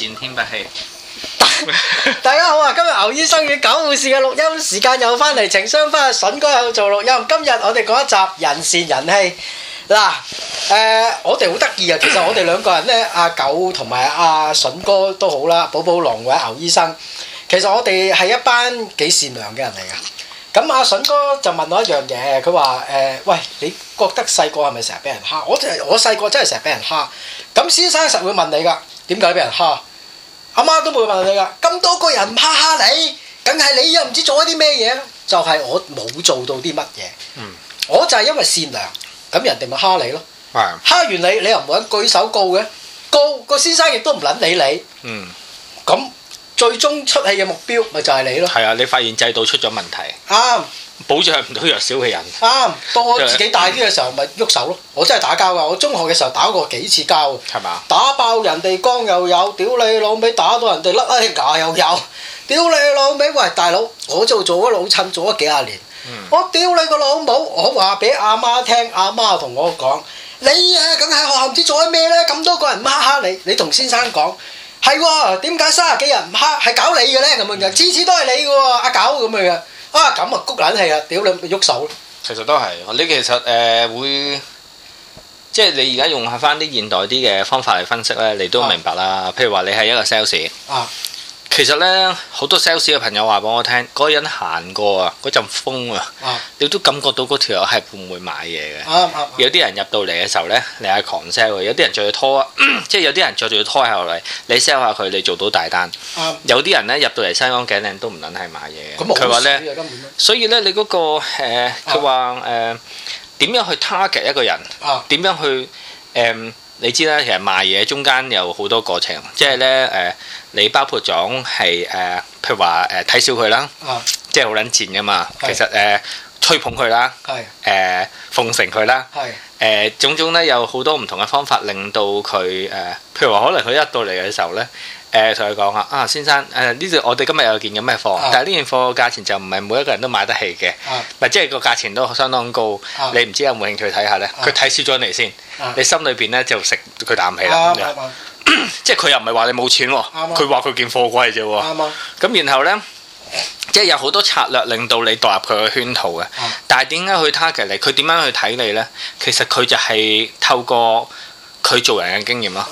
善天不欺。大家好啊！今日牛醫生與狗護士嘅錄音時間又翻嚟，情商翻阿筍哥又做錄音。今日我哋講一集人善人欺。嗱，誒，我哋好得意啊！其實我哋兩個人咧，阿狗同埋阿筍哥都好啦，寶寶龍或者牛醫生。其實我哋係一班幾善良嘅人嚟噶。咁阿筍哥就問我一樣嘢，佢話：誒，喂，你覺得細個係咪成日俾人蝦？我真係，我細個真係成日俾人蝦。咁先生實會問你噶，點解俾人蝦？阿媽都冇問你㗎，咁多個人蝦你，梗係你又唔知做咗啲咩嘢就係、是、我冇做到啲乜嘢，嗯、我就係因為善良，咁人哋咪蝦你咯。蝦完、嗯、你，你又唔會舉手告嘅，告個先生亦都唔撚理你。咁、嗯、最終出氣嘅目標咪就係你咯。係啊，你發現制度出咗問題。啱、啊。保障唔到弱小嘅人。啱，當我自己大啲嘅時候，咪喐手咯。我真係打交㗎。我中學嘅時候打過幾次交。係嘛？打爆人哋缸又有，屌你老味！打到人哋甩牙又有，屌你老味！喂，大佬，我就做咗老襯做咗幾廿年。我屌你個老母！我話俾阿媽聽，阿媽同我講：你啊，梗係喺學校唔知做緊咩咧？咁多個人唔蝦你，你同先生講係喎。點解三十幾人唔蝦？係搞你嘅咧咁樣樣，次次都係你嘅喎，阿九咁嘅樣。啊咁啊，谷、卵、冷氣啊，屌你，喐手！其實都係，你其實誒、呃、會，即係你而家用下返啲現代啲嘅方法嚟分析呢，你都明白啦。啊、譬如話，你係一個 sales 啊。其實咧，好多 sales 嘅朋友話俾我聽，嗰個人行過陣啊，嗰陣風啊，你都感覺到嗰條友係會唔會買嘢嘅？啊啊、有啲人入到嚟嘅時候呢，你係狂 sell 㗎，有啲人着度拖，即係、就是、有啲人在度拖下落嚟，你 sell 下佢，你做到大單。啊、有啲人呢，入到嚟，身光頸靚都唔捻係買嘢嘅。咁冇死嘅所以呢、嗰個，你嗰個誒，佢話誒，點、呃、樣去 target 一個人？啊，點樣去、呃你知啦，其實賣嘢中間有好多過程，即係咧誒，你包括種係誒，譬如話誒睇小佢啦，呃啊、即係好撚賤㗎嘛，是 其實誒、呃、吹捧佢啦，誒是、呃、奉承佢啦，誒是、呃、種種咧有好多唔同嘅方法令到佢誒、呃，譬如話可能佢一到嚟嘅時候咧。誒同佢講啊，啊先生，誒呢度我哋今日有件咁嘅貨，啊、但係呢件貨價錢就唔係每一個人都買得起嘅，唔、啊、即係個價錢都相當高，啊、你唔知有冇興趣睇下咧？佢睇少咗你先，啊、你心裏邊咧就食佢啖氣啦。即係佢又唔係話你冇錢喎，佢話佢件貨貴啫喎。咁、啊啊啊、然後咧，即係有好多策略令到你墮入佢嘅圈套嘅、啊。但係點解去 target 你？佢點樣去睇你咧？其實佢就係透過。佢做人嘅經驗啦，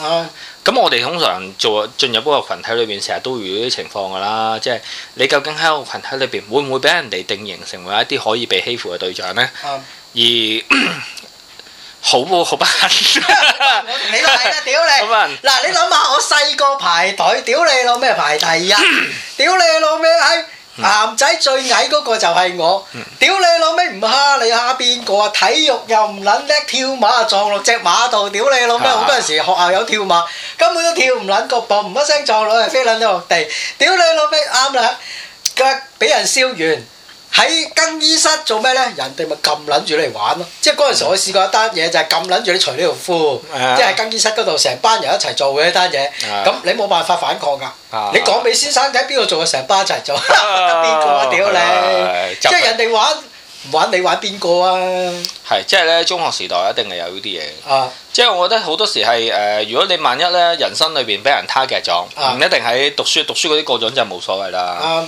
咁、嗯、我哋通常做進入嗰個羣體裏邊，成日都會遇到啲情況㗎啦。即係你究竟喺個群體裏邊，會唔會俾人哋定型成為一啲可以被欺負嘅對象呢？嗯、而好好不幸，你老味，屌你！嗱、嗯，你諗下，我細個排隊，屌你老咩排隊啊！屌你老咩閪！ 男仔最矮嗰個就係我，屌、嗯、你老味唔蝦你蝦邊個啊？體育又唔撚叻，跳馬撞落隻馬度，屌你老味！好、啊、多時學校有跳馬，根本都跳唔撚個步，唔一聲撞落去，飛撚咗落地，屌你老味啱啦，腳俾人燒完。嗯喺更衣室做咩咧？人哋咪撳撚住你嚟玩咯，即係嗰陣時我試過一單嘢就係撳撚住你除呢條褲，即係更衣室嗰度成班人一齊做嘅一單嘢，咁你冇辦法反抗㗎。你講俾先生你喺邊度做啊？成班一齊做，邊個啊屌你！即係人哋玩，唔玩你玩邊個啊？係即係咧，中學時代一定係有呢啲嘢。啊，即係我覺得好多時係誒，如果你萬一咧，人生裏邊俾人 target 咗，唔一定喺讀書讀書嗰啲過咗，就冇所謂啦。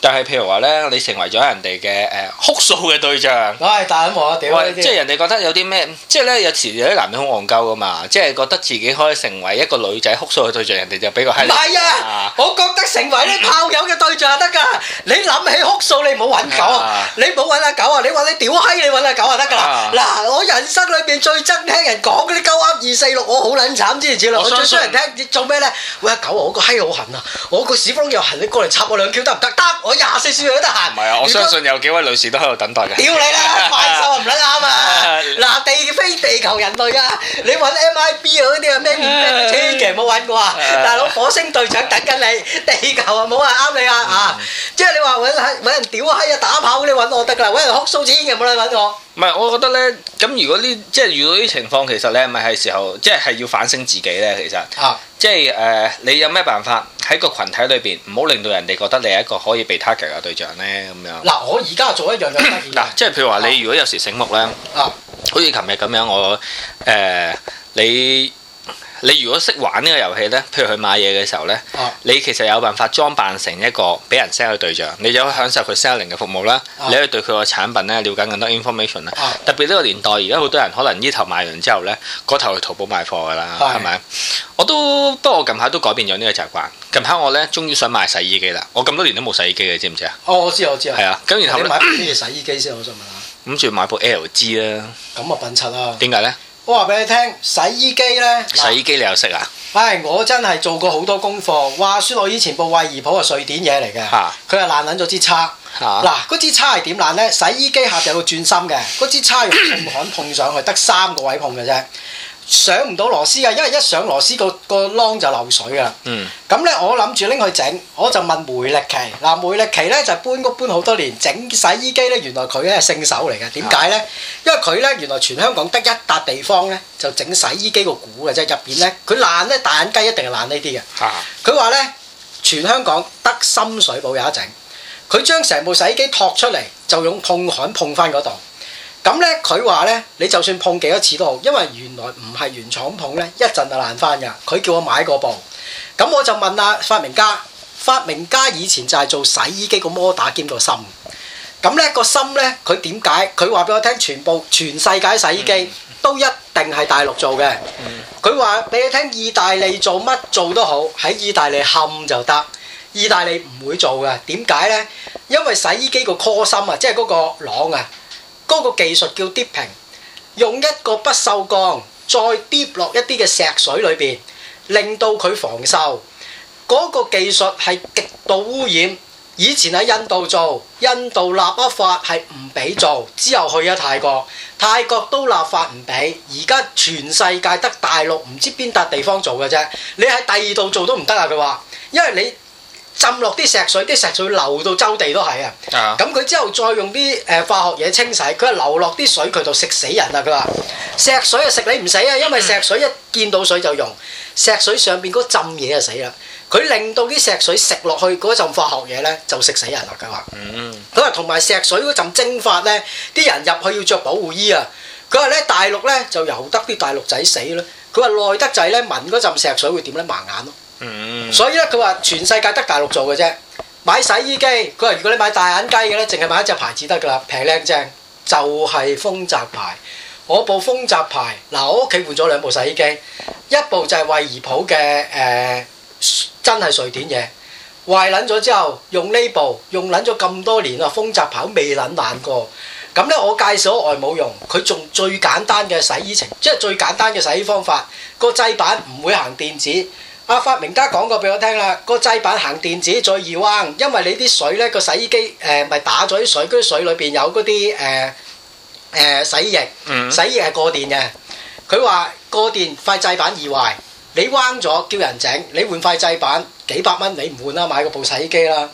但係譬如話咧，你成為咗人哋嘅誒哭訴嘅對象，我係大鑊我屌，即係人哋覺得有啲咩，即係咧有時有啲男人好戇鳩噶嘛，即係覺得自己可以成為一個女仔哭訴嘅對象，人哋就俾個閪你。唔係啊，我覺得成為啲炮友嘅對象就得㗎。你諗起哭訴你唔好揾狗啊，你唔好揾阿狗啊，你話你屌閪，你揾阿狗就得㗎啦。嗱，我人生裏邊最憎聽人講嗰啲鳩鴨二四六，我好撚慘知唔知啦？我最憎人聽，你做咩咧？喂，狗啊，我個閪好痕啊，我個屎風又痕，你過嚟插我兩條得唔得？得。我廿四小時都得閒，唔係啊！我相信有幾位女士都喺度等待嘅。屌你啦，快手唔得啱啊！嗱， 地非地球人類啊，你揾 MIB 啊嗰啲啊咩亂千祈唔好冇揾過啊！大佬火星隊長等緊你，地球啊冇啊啱你啊、嗯、啊！即係你話揾人屌閪啊打炮你啲揾我得㗎啦，揾人哭訴千祈唔好嚟揾我。唔係，我覺得咧，咁如果，如果呢，即係遇到啲情況，其實咧，咪係時候，即係係要反省自己咧。其實，啊、即係誒、呃，你有咩辦法喺個群體裏邊，唔好令到人哋覺得你係一個可以被 target 嘅對象咧？咁樣嗱、啊，我而家做一樣嘢。嗱、呃，即係譬如話，你如果有時醒目咧，啊，好似琴日咁樣，我誒、呃、你。你如果識玩呢個遊戲呢，譬如去買嘢嘅時候呢，啊、你其實有辦法裝扮成一個俾人 sell 嘅對象，你就可以享受佢 selling 嘅服務啦。啊、你可以對佢個產品呢，了解更多 information 啦、啊。特別呢個年代，而家好多人可能呢頭買完之後呢，嗰頭去淘寶買貨噶啦，係咪是？我都不過我近排都改變咗呢個習慣。近排我呢，終於想買洗衣機啦。我咁多年都冇洗衣機嘅，知唔知啊？哦，我知我知啊。係啊，咁然後你買咩洗衣機先？我想問下。諗住買部 LG 啦。咁啊，笨柒啦。點解呢？我話俾你聽，洗衣機咧，洗衣機你又識啊？唉，我真係做過好多功課。話說我以前部惠而浦啊，瑞典嘢嚟嘅，佢係爛捻咗支叉。嗱，嗰支叉係點爛咧？洗衣機下有個轉心嘅，嗰支叉用細木碰上去，得 三個位碰嘅啫。上唔到螺絲啊，因為一上螺絲，那個個窿就漏水啊！咁咧，嗯，我諗住拎佢整，我就問梅力奇嗱，梅力奇咧就係、搬屋搬好多年，整洗衣機咧，原來佢咧係聖手嚟嘅，點解咧？啊，因為佢咧原來全香港得一笪地方咧就整洗衣機個鼓嘅，啫。入邊咧佢爛咧大眼雞一定係爛、啊、呢啲嘅。佢話咧全香港得深水埗有一整，佢將成部洗衣機托出嚟就用碰焊碰翻嗰度。咁咧，佢話咧，你就算碰幾多次都好，因為原來唔係原廠碰咧，一陣就爛翻噶。佢叫我買個部，咁我就問阿、啊、發明家，發明家以前就係做洗衣機個摩打兼個芯。咁咧個芯咧，佢點解？佢話俾我聽，全部全世界洗衣機都一定係大陸做嘅。佢話俾你聽意意，意大利做乜做都好，喺意大利冚就得。意大利唔會做嘅，點解咧？因為洗衣機個 core 芯啊，即係嗰個朗啊。嗰個技術叫跌平，用一個不鏽鋼再跌落一啲嘅石水裏邊，令到佢防鏽。嗰、那個技術係極度污染，以前喺印度做，印度立法係唔俾做，之後去咗泰國，泰國都立法唔俾，而家全世界得大陸唔知邊笪地方做嘅啫。你喺第二度做都唔得啊！佢話，因為你。浸落啲石水，啲石水流到周地都係啊！咁佢之後再用啲誒化學嘢清洗，佢話流落啲水佢就食死人啦！佢話石水啊食你唔死啊，因為石水一見到水就溶，石水上邊嗰浸嘢就死啦。佢令到啲石水食落去嗰陣化學嘢咧就食死人啦！佢話，咁啊同埋石水嗰陣蒸發咧，啲人入去要着保護衣啊。佢話咧大陸咧就由得啲大陸仔死咯。佢話耐得滯咧，聞嗰陣石水會點咧？盲眼咯。所以咧，佢話全世界得大陸做嘅啫。買洗衣機，佢話如果你買大眼雞嘅咧，淨係買一隻牌子得噶啦，平靚正就係豐澤牌。我部豐澤牌嗱，我屋企換咗兩部洗衣機，一部就係惠而浦嘅，誒、呃、真係瑞典嘢，壞撚咗之後用呢部用撚咗咁多年啦，豐澤牌未撚爛過。咁咧我介紹外母用，佢仲最簡單嘅洗衣程，即係最簡單嘅洗衣方法，個制板唔會行電子。啊！發明家講過俾我聽啦，個製板行電子再易彎，因為你啲水咧，個洗衣機誒咪打咗啲水，嗰啲水裏邊有嗰啲誒誒洗衣液，洗衣液係過電嘅。佢話過電塊製板易壞，你彎咗叫人整，你換塊製板幾百蚊，你唔換啦，買個部洗衣機啦。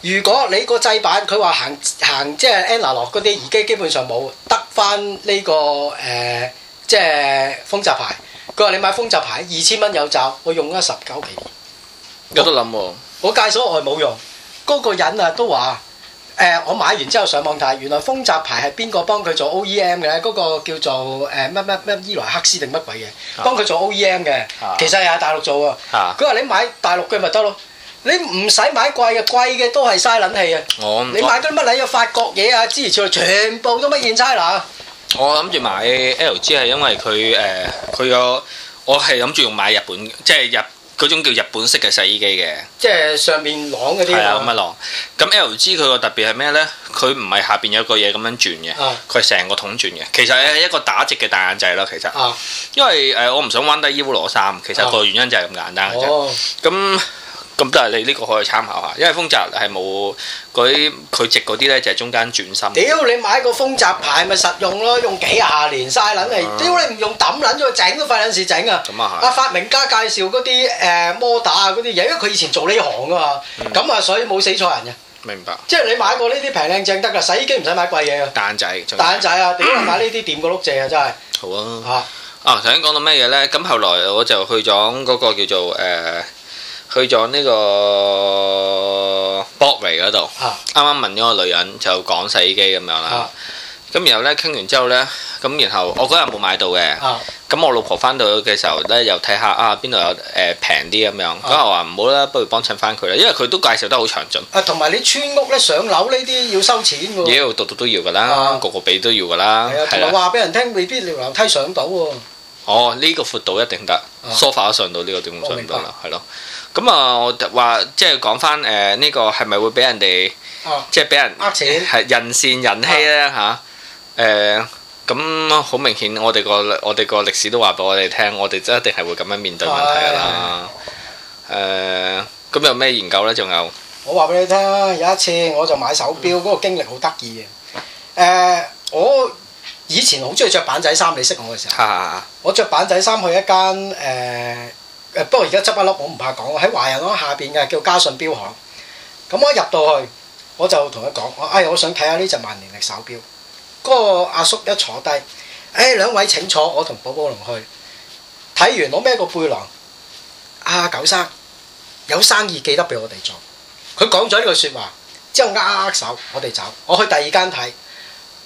如果你個製板佢話行行即係 analog 嗰啲移機，基本上冇得翻呢個誒，即係豐澤牌。佢話你買豐澤牌二千蚊有罩，我用咗十九期。有得諗喎，我，我介紹我係冇用。嗰、那個人啊都話：誒、呃，我買完之後上網睇，原來豐澤牌係邊個幫佢做 OEM 嘅咧？嗰、那個叫做誒乜乜乜伊萊克斯定乜鬼嘢，幫佢做 OEM 嘅，啊、其實又係大陸做啊。佢話你買大陸嘅咪得咯，你唔使買貴嘅，貴嘅都係嘥撚氣啊！你買嗰乜鬼嘢法國嘢啊、芝士菜全部都乜嘢差嗱。我諗住買 LG 係因為佢誒佢個我係諗住用買日本即係日嗰種叫日本式嘅洗衣機嘅，即係上面晾嗰啲。係啊咁樣晾。咁 LG 佢個特別係咩咧？佢唔係下邊有個嘢咁樣轉嘅，佢係成個桶轉嘅。其實係一個打直嘅大眼仔咯，其實。啊。因為誒、呃、我唔想彎低衣褲攞衫，L、3，其實個原因就係咁簡單嘅啫。咁、啊。咁但係你呢個可以參考下，因為豐澤係冇嗰啲佢值嗰啲咧，就係中間轉心。屌你買個豐澤牌咪實用咯，用幾十年晒撚嚟。屌你唔用抌撚咗，整都費撚事整啊！咁啊係。啊發明家介紹嗰啲誒摩打啊嗰啲嘢，因為佢以前做呢行噶嘛。咁啊，所以冇死錯人嘅。明白。即係你買過呢啲平靚正得㗎，洗衣機唔使買貴嘢㗎。蛋仔。蛋仔啊！屌你買呢啲掂過碌蔗啊？真係。好啊。嚇。啊！頭先講到咩嘢咧？咁後來我就去咗嗰個叫做誒。去咗呢個博維嗰度，啱啱問咗個女人就講洗衣機咁樣啦。咁然後咧傾完之後咧，咁然後我嗰日冇買到嘅。咁我老婆翻到嘅時候咧，又睇下啊邊度有誒平啲咁樣。嗰日話唔好啦，不如幫襯翻佢啦，因為佢都介紹得好詳盡。啊，同埋你村屋咧上樓呢啲要收錢喎。妖，度度都要㗎啦，個個俾都要㗎啦。係啊，同埋話俾人聽，未必條樓梯上到喎。哦，呢個闊度一定得，sofa 上到呢個點上到啦，係咯。咁、呃呃這個、啊，我話即係講翻誒呢個係咪會俾人哋即係俾人係人善人欺咧吓，誒咁好明顯，我哋個我哋個歷史都話俾我哋聽，我哋即係一定係會咁樣面對問題噶啦。誒咁、啊哎哎呃、有咩研究咧？仲有我話俾你聽，有一次我就買手錶嗰、那個經歷好得意嘅。誒、呃、我以前好中意着板仔衫，你識我嘅時候，啊、我着板仔衫去一間誒。呃誒不過而家執一粒我不，我唔怕講喺華人坊下邊嘅叫嘉信錶行。咁我入到去，我就同佢講：我哎我想睇下呢隻萬年曆，曆手錶。嗰、那個阿叔一坐低，誒、哎、兩位請坐，我同寶寶龍去睇完，我孭個背囊。阿、啊、九生有生意記得俾我哋做。佢講咗呢句説話之後，握握手我哋走，我去第二間睇。誒、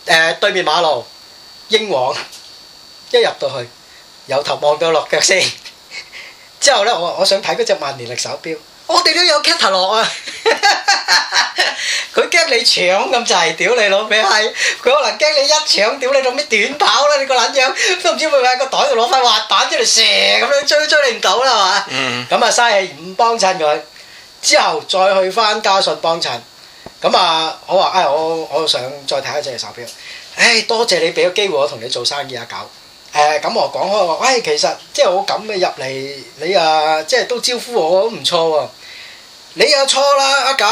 呃、對面馬路英皇，一入到去，由頭望到落腳先。之後咧，我我想睇嗰隻萬年曆手錶，我哋都有 catalog 啊！佢 驚你搶咁就係屌你老味閪，佢可能驚你一搶，屌你做咩短跑啦、啊？你個撚樣都唔知會唔會喺個袋度攞塊滑彈出嚟射咁樣追追你唔到啦嘛！咁啊、嗯，嘥氣唔幫襯佢，之後再去翻家信幫襯。咁啊，我話唉、哎，我我想再睇一隻手錶。唉、哎，多謝你俾個機會我同你做生意啊，九。誒，咁我講開話，喂，其實即係我咁嘅入嚟，你啊，即係都招呼我都唔錯喎。你又錯啦，阿狗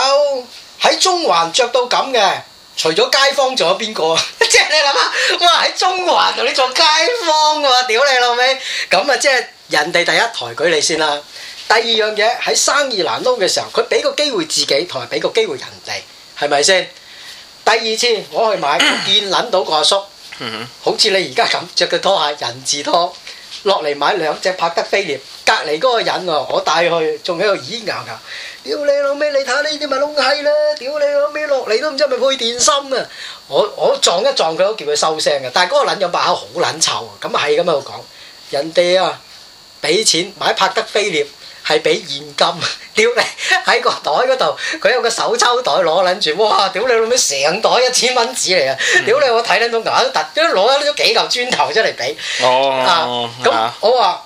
喺中環著到咁嘅，除咗街坊仲有邊個？即係你諗下，哇！喺中環同你做街坊嘅喎，屌你老味！咁啊，即係人哋第一抬舉你先啦。第二樣嘢喺生意難撈嘅時候，佢俾個機會自己同埋俾個機會人哋，係咪先？第二次我去買，見撚到個阿叔。嗯哼， 好似你而家咁，着對拖鞋人字拖落嚟買兩隻拍得飛碟，隔離嗰個人啊，我帶佢去仲喺度耳拗拗，屌你老味！你睇下呢啲咪窿閪啦，屌你老味落嚟都唔知係咪配電芯啊！我我撞一撞佢都叫佢收聲嘅，但係嗰個撚有把口好撚臭，咁啊係咁喺度講，人哋啊俾錢買拍得飛碟。係俾現金，屌你喺個袋嗰度，佢有個手抽袋攞捻住，哇！屌你老味，成袋一千蚊紙嚟啊！屌你、嗯，我睇到咁都凸都攞咗幾嚿磚頭出嚟俾，哦！咁好話啊，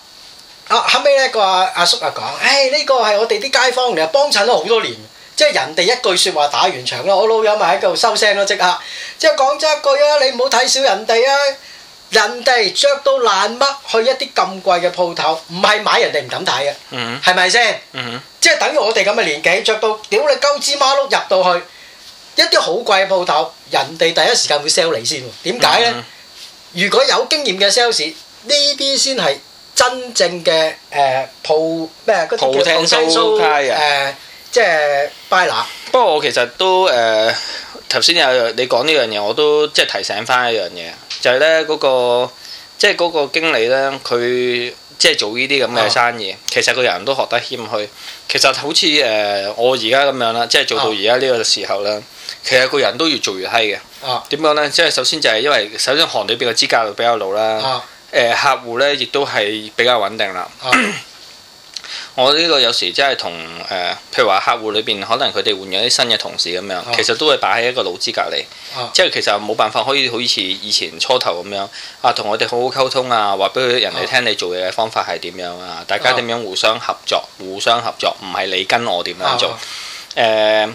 啊，啊後尾咧、那個阿、啊、叔啊講，唉、哎、呢、呢個係我哋啲街坊嚟幫襯咗好多年，即係人哋一句説話打完場啦，我老友咪喺度收聲咯即刻，即係講咗一句啊，你唔好睇小人哋啊！人哋着到爛乜，去一啲咁貴嘅鋪頭，唔係買人哋唔敢睇嘅，係咪先？即係等於我哋咁嘅年紀，着到屌你鳩芝麻碌，入到去，一啲好貴嘅鋪頭，人哋第一時間會 sell 你先喎。點解呢？Mm hmm. 如果有經驗嘅 sales，呢啲先係真正嘅誒鋪咩？鋪、呃、頭、呃、即係 buy。不過我其實都誒。呃頭先有你講呢樣嘢，我都即係提醒翻一樣嘢，就係呢嗰個即係嗰個經理呢，佢即係做呢啲咁嘅生意，啊、其實個人都學得謙虛。其實好似誒、呃、我而家咁樣啦，即、就、係、是、做到而家呢個時候啦，啊、其實個人都越做越閪嘅。點講、啊、呢？即、就、係、是、首先就係因為首先行到呢邊嘅資格比較老啦、啊呃，客戶呢亦都係比較穩定啦。啊 我呢個有時真係同誒，譬如話客戶裏邊可能佢哋換咗啲新嘅同事咁樣，哦、其實都會擺喺一個老資隔籬，哦、即係其實冇辦法可以好似以前初頭咁樣啊，同我哋好好溝通啊，話俾人哋聽你做嘢嘅方法係點樣啊，大家點樣互相合作，互相合作，唔係你跟我點樣做，誒、哦呃，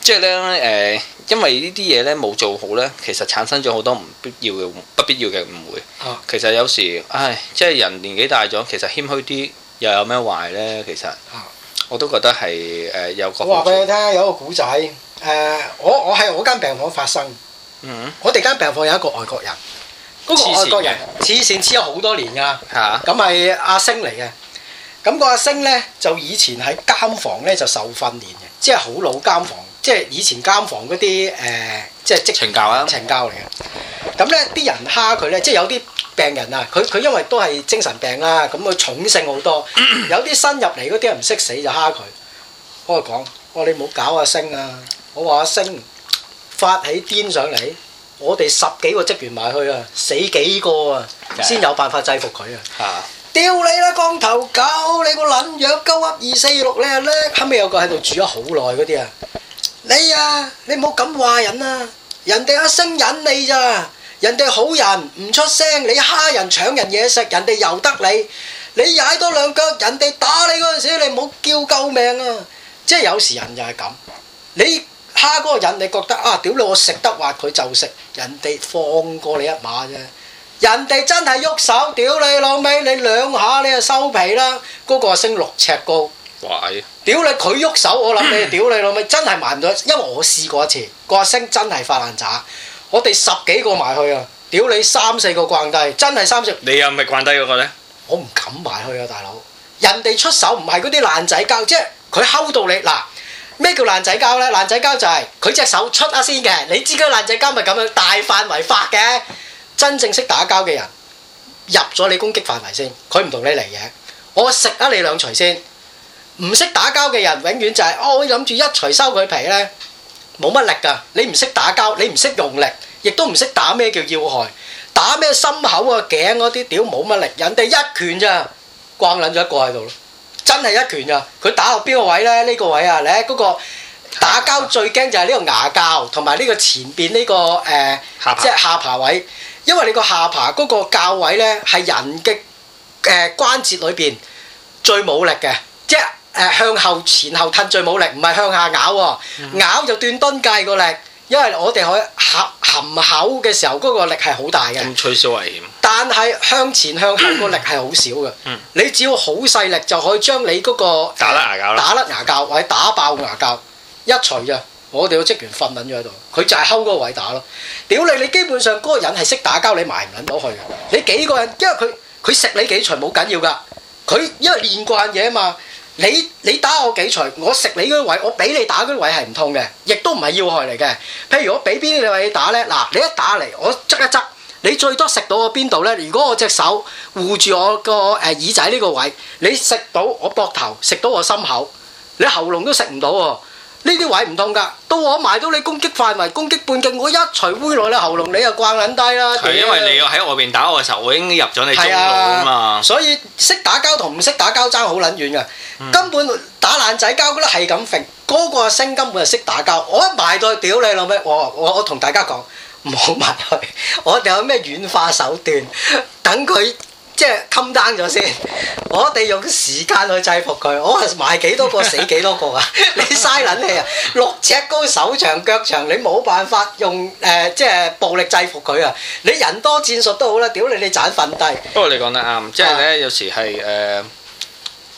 即係咧誒，因為呢啲嘢咧冇做好咧，其實產生咗好多唔必要嘅不必要嘅誤會，哦、其實有時唉，即係人年紀大咗，其實謙虛啲。又有咩壞咧？其實我都覺得係誒有個。我話俾你聽，有一個古仔誒，我我喺我間病房發生。嗯，嗯。我哋間病房有一個外國人，嗰個外國人黐線黐咗好多年㗎。係咁，係阿星嚟嘅。咁個阿星咧就以前喺監房咧就受訓練嘅，即係好老監房，即係以前監房嗰啲誒，即係職。懲教啊！懲教嚟嘅。咁咧啲人蝦佢咧，即係有啲。病人啊，佢佢因為都係精神病啊，咁佢重性好多，有啲新入嚟嗰啲人唔識死就蝦佢。我講，我話你唔好搞阿星啊！我話阿星發起癲上嚟，我哋十幾個職員埋去啊，死幾個啊，先有辦法制服佢啊！嚇！屌你啦，光頭狗！你個撚樣鳩噏二四六，你係叻。後尾有個喺度住咗好耐嗰啲啊，你啊，你唔好咁話人啊，人哋阿星忍你咋！人哋好人唔出聲，你蝦人搶人嘢食，人哋由得你。你踩多兩腳，人哋打你嗰陣時，你唔好叫救命啊！即係有時人就係咁，你蝦嗰個人，你覺得啊，屌你，我食得話佢就食，人哋放過你一馬啫。人哋真係喐手，屌你老味，你兩下你就收皮啦。嗰個阿星六尺高，哇矮！屌你，佢喐手，我諗你屌你老味，真係埋唔到，因為我試過一次，個阿星真係發爛渣。我哋十幾個埋去啊！屌你三四個摜低，真係三四個。你啊咪摜低嗰個咧？我唔敢埋去啊，大佬！人哋出手唔係嗰啲爛仔膠，即係佢溝到你嗱。咩叫爛仔膠咧？爛仔膠就係佢隻手出下先嘅。你知嗰爛仔膠咪咁樣大範圍發嘅。真正識打交嘅人，入咗你攻擊範圍先，佢唔同你嚟嘢。我食啊你兩錘先。唔識打交嘅人，永遠就係我諗住一錘收佢皮咧，冇乜力㗎。你唔識打交，你唔識用力。亦都唔識打咩叫要害，打咩心口啊、頸嗰啲，屌冇乜力。人哋一拳咋，轟撚咗一個喺度咯，真係一拳咋。佢打落邊個位咧？呢個位啊咧，你嗰個打交最驚就係呢個牙骹同埋呢個前邊呢個誒，即係下爬位，因為你個下爬嗰個骹位咧係人嘅誒關節裏邊最冇力嘅，即係誒向後、前後褪最冇力，唔係向下咬喎，咬就斷蹲界個力。因為我哋喺含含口嘅時候，嗰個力係好大嘅，咁取消危險。但係向前向後個力係好少嘅，你只要好細力就可以將你嗰個打甩牙膠，打甩牙膠或者打爆牙膠一錘啫！我哋個職員瞓緊咗喺度，佢就係喺嗰個位打咯。屌你！你基本上嗰個人係識打交，你埋唔撚到去嘅。你幾個人？因為佢佢食你幾錘冇緊要㗎，佢因為練慣嘢嘛。你你打我幾錘，我食你嗰位，我俾你打嗰啲位係唔痛嘅，亦都唔係要害嚟嘅。譬如我俾邊位你打位呢？嗱，你一打嚟，我側一側，你最多食到我邊度呢？如果我隻手護住我個耳仔呢個位，你食到我膊頭，食到我心口，你喉嚨都食唔到。呢啲位唔痛噶，到我埋到你攻擊範圍，攻擊半徑，我一捶威落你喉嚨，你就掛撚低啦。係因為你喺外邊打我嘅時候，我已經入咗你中路啊嘛。所以識打交同唔識打交爭好撚遠噶，根本打爛仔交都係咁揈。嗰個阿星根本就識打交，我一埋到屌你老味，我我我同大家講，唔好埋去，我仲有咩軟化手段等佢。即係襟單咗先，我哋用時間去制服佢。我賣幾多個死幾多個啊？ 你嘥撚氣啊！六尺高手長腳長，你冇辦法用誒、呃、即係暴力制服佢啊！你人多戰術都好啦，屌你你盞瞓低。不過你講得啱，即係咧、啊、有時係誒、呃，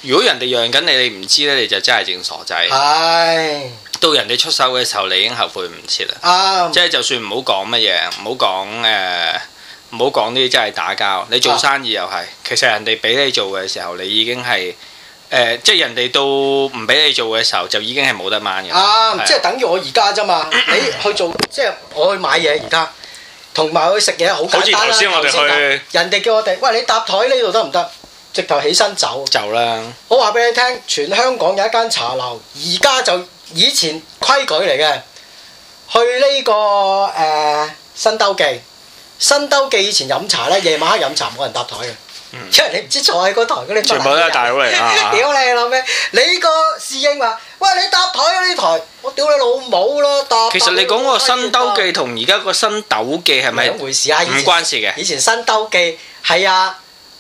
如果人哋讓緊你，你唔知咧，你就真係正傻仔。係、哎、到人哋出手嘅時候，你已經後悔唔切啦。啊、即係就算唔好講乜嘢，唔好講誒。呃唔好講呢啲真係打交，你做生意又係，啊、其實人哋俾你做嘅時候，你已經係誒、呃，即係人哋都唔俾你做嘅時候，就已經係冇得掹嘅。啊、是的 即係等於我而家啫嘛，你去做 即係我去買嘢而家，同埋去食嘢好似頭先我哋去，去人哋叫我哋，喂你搭台呢度得唔得？直頭起身走，走啦！我話俾你聽，全香港有一間茶樓，而家就以前規矩嚟嘅，去呢、這個誒、呃、新兜記。新兜記以前飲茶咧，夜晚黑飲茶冇人搭台嘅，嗯、因為你唔知坐喺個台嗰啲全部都係大佬嚟啊！屌 你老咩？你個侍應話：喂，你搭台啊？呢台我屌你老母咯！搭。其實你講個新兜記同而家個新斗記係咪一回事啊？唔關事嘅。以前新兜記係啊，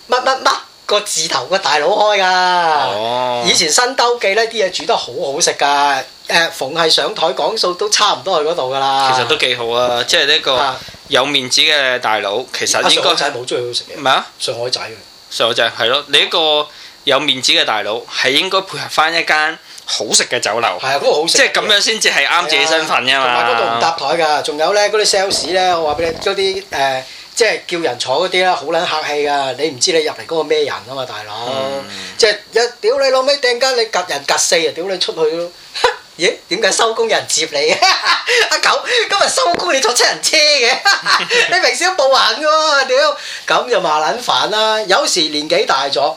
乜乜乜個字頭個大佬開噶。哦、以前新兜記呢啲嘢煮得好好食噶。誒、呃，逢係上台講數都差唔多去嗰度㗎啦。其實都幾好啊，即係呢個有面子嘅大佬，其實應該上海仔冇中意好食嘅。咩啊？上海仔，麼上海仔係咯，啊、你一個有面子嘅大佬，係應該配合翻一間好食嘅酒樓。係啊，嗰、嗰個好食、啊呃。即係咁樣先至係啱自己身份啊嘛。同嗰度唔搭台㗎，仲有咧嗰啲 sales 咧，我話俾你，嗰啲誒即係叫人坐嗰啲啦，好撚客氣㗎。你唔知你入嚟嗰個咩人啊嘛，大佬。嗯、即係一屌你老尾，掟間你夾人夾四啊，屌你出去咯！ 咦？點解收工有人接你嘅？阿、 啊、九，今日收工你坐七人車嘅， 你平時都步行嘅喎、啊！屌，咁就麻撚煩啦。有時年紀大咗，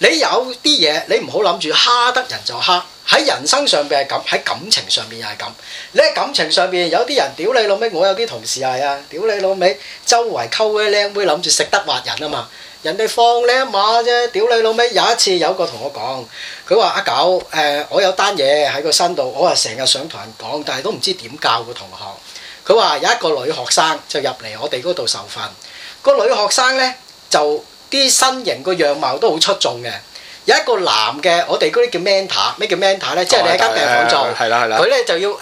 你有啲嘢你唔好諗住蝦得人就蝦。喺人生上邊係咁，喺感情上面又係咁。你喺感情上面，有啲人屌你老尾，我有啲同事係啊，屌你老尾，周圍溝嗰啲靚妹諗住食得滑人啊嘛。人哋放你一馬啫，屌你老尾！有一次有一個同我講，佢話阿九誒、呃，我有單嘢喺個身度，我話成日想同人講，但係都唔知點教個同學。佢話有一個女學生就入嚟我哋嗰度受訓，個女學生咧就啲身形個樣貌都好出眾嘅。有一個男嘅，我哋嗰啲叫 mentor 咩叫 mentor 咧，即係你喺間病房做，佢咧是就要誒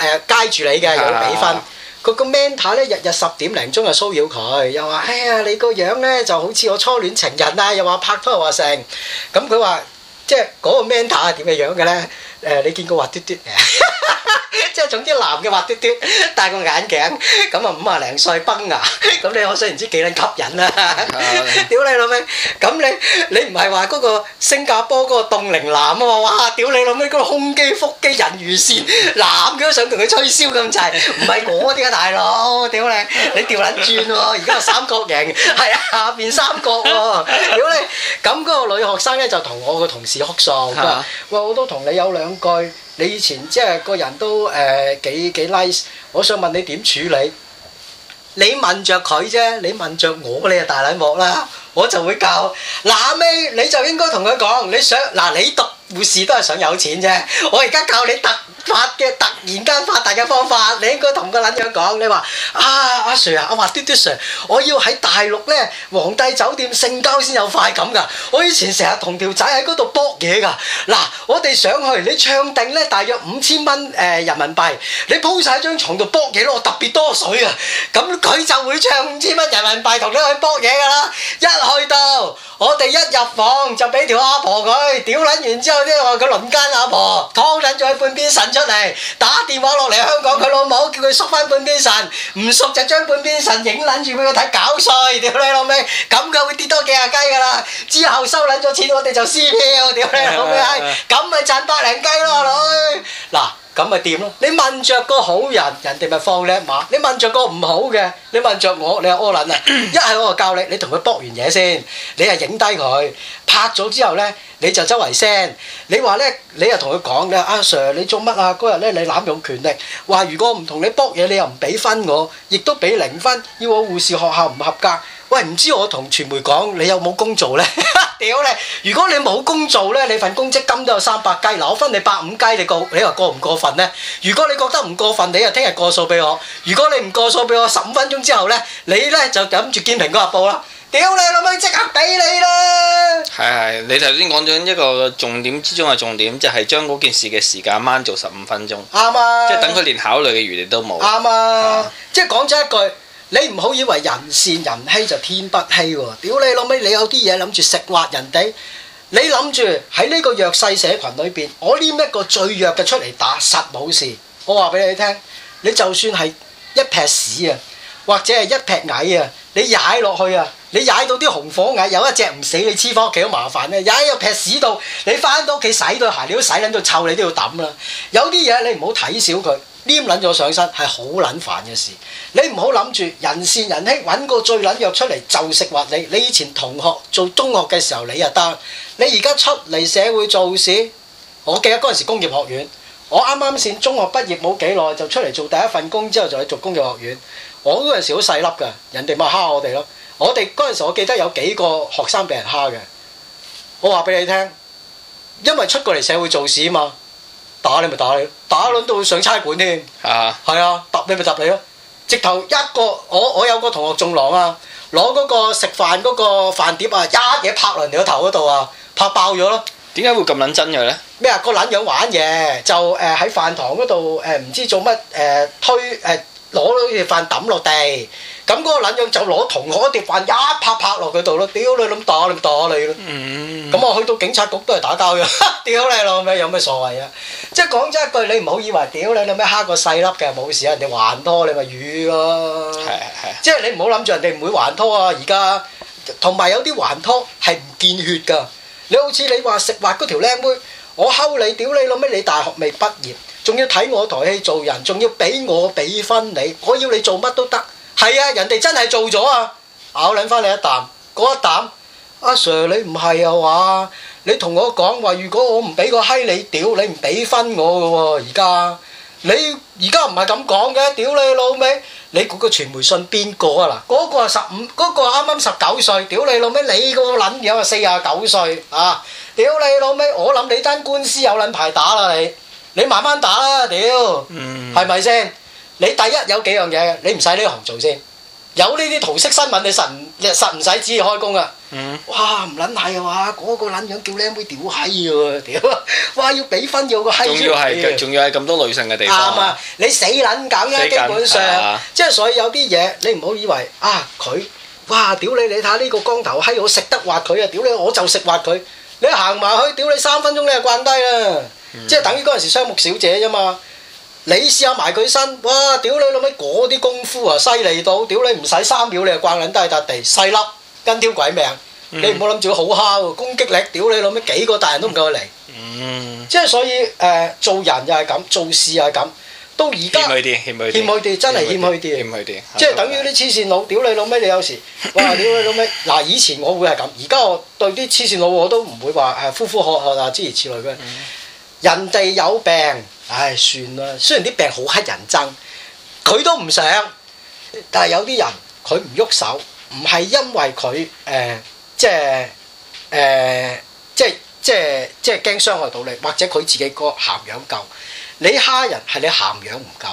介住你嘅，要俾分。嗯個個 mentor 咧，日日十點零鐘就騷擾佢，又話：哎呀，你個樣咧就好似我初戀情人啊！又話拍拖話成，咁佢話即係嗰個 mentor 係點嘅樣嘅咧？誒你見過滑嘟嘟？即係總之男嘅滑嘟嘟，戴個眼鏡，咁啊五啊零歲崩牙，咁你可想而知幾撚吸引啦！屌你老味，咁你你唔係話嗰個新加坡嗰個凍齡男啊？哇！屌你老味，嗰個胸肌腹肌人魚線，男嘅都想同佢吹簫咁滯，唔係我啲啊大佬！屌你，你掉撚轉喎！而家三角形，係啊下邊三角喎！屌你，咁嗰個女學生咧就同我個同事哭訴㗎，喂我都同你有兩兩句，你以前即係個人都誒幾幾 nice，我想問你點處理？你問著佢啫，你問著我，你就大禮幕啦，我就會教。嗱，後尾你就應該同佢講，你想，嗱你讀護士都係想有錢啫，我而家教你讀。發嘅突然間發達嘅方法，你應該同個撚樣講，你話啊、ah, 阿 Sir 啊阿華嘟嘟 Sir，我要喺大陸咧皇帝酒店性交先有快感㗎。我以前成日同條仔喺嗰度搏嘢㗎。嗱，我哋上去你唱定咧，大約五千蚊誒人民幣，嗯、你鋪晒喺張牀度搏嘢咯，我特別多水啊。咁佢就會唱五千蚊人民幣同你去搏嘢㗎啦，一去到。我哋一入房就俾條阿婆佢屌撚完之後咧，話佢鄰間阿婆拖撚咗半邊腎出嚟，打電話落嚟香港佢老母叫佢縮翻半邊腎，唔縮就將半邊腎影撚住俾我睇搞碎，屌你老味，咁佢會跌多幾廿雞㗎啦。之後收撚咗錢，我哋就撕票，屌你老味閪，咁咪賺百零雞咯阿女嗱。咁咪掂咯？你問著個好人，人哋咪放你一馬；你問著個唔好嘅，你問著我，你係柯林啊！一係我就教你，你同佢搏完嘢先，你又影低佢，拍咗之後咧，你就周圍聲，你話咧，你又同佢講，你話阿 Sir 你做乜啊？嗰日咧你濫用權力，話如果唔同你搏嘢，你又唔俾分我，亦都俾零分，要我護士學校唔合格。喂，唔知我同傳媒講你有冇工做呢？屌 你！如果你冇工做呢，你份公積金都有三百雞，嗱我分你百五雞，你過你話過唔過分呢？如果你覺得唔過分，你就聽日過數俾我。如果你唔過數俾我十五分鐘之後呢，你呢就揞住《建平今日報》啦。屌你，我咪即刻俾你啦！係係，你頭先講咗一個重點之中嘅重點，就係、是、將嗰件事嘅時間掹做十五分鐘。啱啊！即係等佢連考慮嘅餘地都冇。啱啊！嗯、即係講咗一句。你唔好以為人善人欺就天不欺喎、啊！屌你老味，你有啲嘢諗住食滑人哋，你諗住喺呢個弱勢社群裏邊，我攆一個最弱嘅出嚟打，實冇事。我話俾你聽，你就算係一劈屎啊，或者係一劈蟻啊，你踩落去啊，你踩到啲紅火蟻，有一隻唔死，你黐翻屋企好麻煩咧、啊。踩喺個劈屎度，你翻到屋企洗對鞋，你都洗撚到臭，你都要抌啦。有啲嘢你唔好睇小佢。黏撚咗上身係好撚煩嘅事，你唔好諗住人善人欺，揾個最撚弱出嚟就食滑你。你以前同學做中學嘅時候你就得，你而家出嚟社會做事，我記得嗰陣時工業學院，我啱啱先中學畢業冇幾耐就出嚟做第一份工，之後就去做工業學院，我嗰陣時好細粒㗎，人哋咪蝦我哋咯，我哋嗰陣時我記得有幾個學生俾人蝦嘅，我話俾你聽，因為出過嚟社會做事啊嘛。打你咪打你，打撚到上差館添。係啊，係啊，揼你咪揼你咯。直頭一個我，我有個同學仲狼啊，攞嗰個食飯嗰個飯碟啊，一嘢拍落你個頭嗰度啊，拍爆咗咯。點解會咁撚真嘅咧？咩啊？個撚樣玩嘢，就誒喺飯堂嗰度誒唔知做乜誒推誒攞啲飯抌落地。咁嗰個撚樣就攞同學碟飯一拍拍落佢度咯，屌你諗打你咪打你咯！咁、嗯嗯、我去到警察局都係打交嘅，屌你老味有咩所謂啊？即係講真一句，你唔好以為屌你老味蝦個細粒嘅冇事啊！人哋還拖你咪瘀咯，即係你唔好諗住人哋唔會還拖啊！而家同埋有啲還拖係唔見血㗎。你好似你話食滑嗰條靚妹，我溝你屌你老味，你大學未畢業，仲要睇我台戲做人，仲要俾我俾分你，我要你做乜都得。係啊，人哋真係做咗啊，咬捻翻你一啖，嗰一啖，阿 Sir 你唔係啊嘛？你同我講話，如果我唔俾個閪你屌，你唔俾分我噶喎，而家你而家唔係咁講嘅，屌你老味，你估個傳媒信邊個啊？嗱，嗰個係十五，嗰個啱啱十九歲，屌你老味，你個捻嘢啊四十九歲啊！屌你老味，我諗你單官司有捻排打啦你，你慢慢打啦，屌，係咪先？是你第一有幾樣嘢，你唔使呢行做先。有呢啲桃色新聞，你實唔日唔使旨意開工啊！嗯、哇，唔撚係喎，嗰、嗰個撚樣叫靚妹屌閪喎，屌！哇，要畀分要個閪住。仲要係咁多女性嘅地方啊！你死撚搞呀，基本上，啊、即係所以有啲嘢你唔好以為啊佢哇屌你！你睇下呢個光頭閪，我食得滑佢啊！屌你，我就食滑佢。你行埋去屌你三分鐘，你就慣低啦。啊、即係等於嗰陣時雙目小姐啫嘛。啊你試下埋佢身，哇！屌你老味，嗰啲功夫啊犀利到，屌你唔使三秒你就掛撚低笪地，細粒跟條鬼命。你唔好諗住佢好蝦喎。攻擊力，屌你老味幾個大人都唔夠佢嚟。嗯，即係所以誒、呃，做人又係咁，做事又係咁。到而家，謙虛啲，謙虛，謙虛啲，真係謙虛啲。謙虛啲，即係等於啲黐線佬，屌你老味，你有時，哇！屌你老味，嗱 以前我會係咁，而家我對啲黐線佬我都唔會話誒呼呼喝喝啊，諸如此類嘅。人哋有病。唉，算啦。雖然啲病好乞人憎，佢都唔想。但係有啲人佢唔喐手，唔係因為佢誒、呃，即係誒，即係即係即係驚傷害到你，或者佢自己個涵養夠。你蝦人係你涵養唔夠，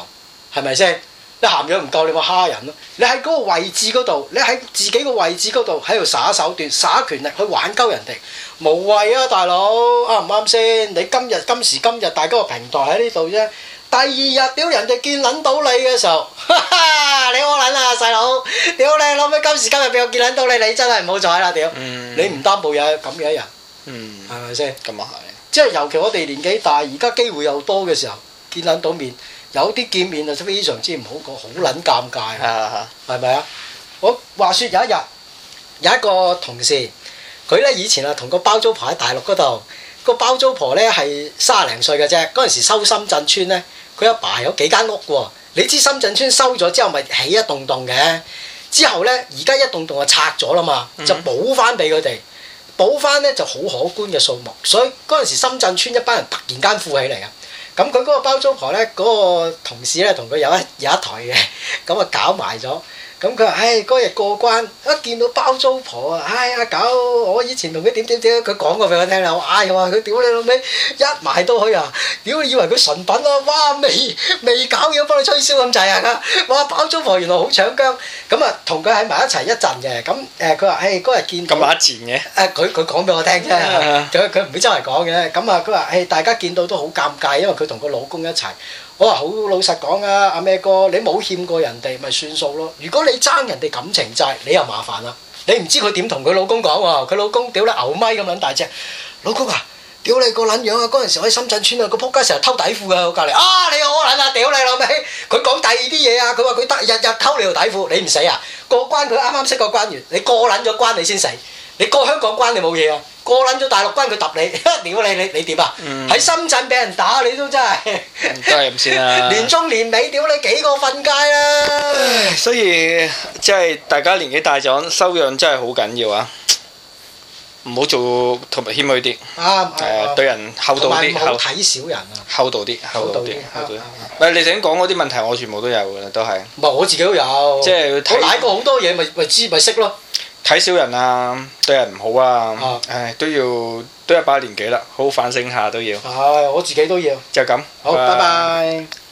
係咪先？你鹹樣唔夠，你咪蝦人咯！你喺嗰個位置嗰度，你喺自己個位置嗰度喺度耍手段、耍權力去玩鳩人哋，無謂啊！大佬啱唔啱先？你今日今時今日，大家個平台喺呢度啫。第二日屌人哋見撚到你嘅時候，哈哈！你好撚啊，細佬！屌你攞咩、啊？今時今日俾我見撚到你，你真係唔好彩啦！屌、嗯、你唔擔保有咁嘅一日，係咪先？咁又係，即係尤其我哋年紀大，而家機會又多嘅時候，見撚到面。有啲見面就非常之唔好講，好撚尷尬，係咪啊？我話説有一日，有一個同事，佢咧以前啊同個包租婆喺大陸嗰度，個包租婆咧係卅零歲嘅啫，嗰陣時收深圳村咧，佢阿爸有幾間屋嘅，你知深圳村收咗之後咪起一棟棟嘅，之後咧而家一棟棟啊拆咗啦嘛，就補翻俾佢哋，補翻咧就好可觀嘅數目，所以嗰陣時深圳村一班人突然間富起嚟啊！咁佢嗰個包租婆咧，嗰個同事咧，同佢有一有一台嘅，咁 啊搞埋咗。咁佢話：唉，嗰日過關，一見到包租婆啊！唉，阿九，我以前同佢點點點，佢講過俾我聽啦。我唉話佢屌你老味，一埋到去啊！屌你以為佢純品咯，哇未未搞嘢幫你吹簫咁滯啊！佢，哇包租婆原來好搶姜，咁啊同佢喺埋一齊一陣嘅。咁誒，佢話：唉，嗰日見到咁話一陣嘅。誒，佢佢講俾我聽啫，佢佢唔會真係講嘅。咁啊，佢話：唉，大家見到都好尷尬，因為佢同個老公一齊。我話好老實講啊，阿咩哥，你冇欠過人哋咪算數咯。如果你爭人哋感情債，你又麻煩啦。你唔知佢點同佢老公講喎？佢老公屌你牛咪咁撚大隻，老公啊，屌你個撚樣啊！嗰陣時我喺深圳村啊，個仆街成日偷底褲啊，我隔離啊，你好撚啊，屌你老味！佢講第二啲嘢啊，佢話佢得日日偷你條底褲，你唔死啊？過關佢啱啱識個關員，你過撚咗關你先死。你過香港關你冇嘢啊，過撚咗大陸關佢揼你，屌你你你點啊？喺深圳俾人打你都真係，都係咁算啦。年中年尾屌你幾個瞓街啦！所以即係大家年紀大咗，修養真係好緊要啊！唔好做同埋謙虛啲，係啊，對人厚道啲，睇少人啊。厚道啲，厚道啲，喂，你想講嗰啲問題，我全部都有噶，都係。唔係我自己都有。即係睇過好多嘢，咪咪知咪識咯。睇小人啊，對人唔好啊，誒、啊、都要都一把年紀啦，好好反省下都要。誒、啊，我自己都要。就咁，好，拜拜。拜拜。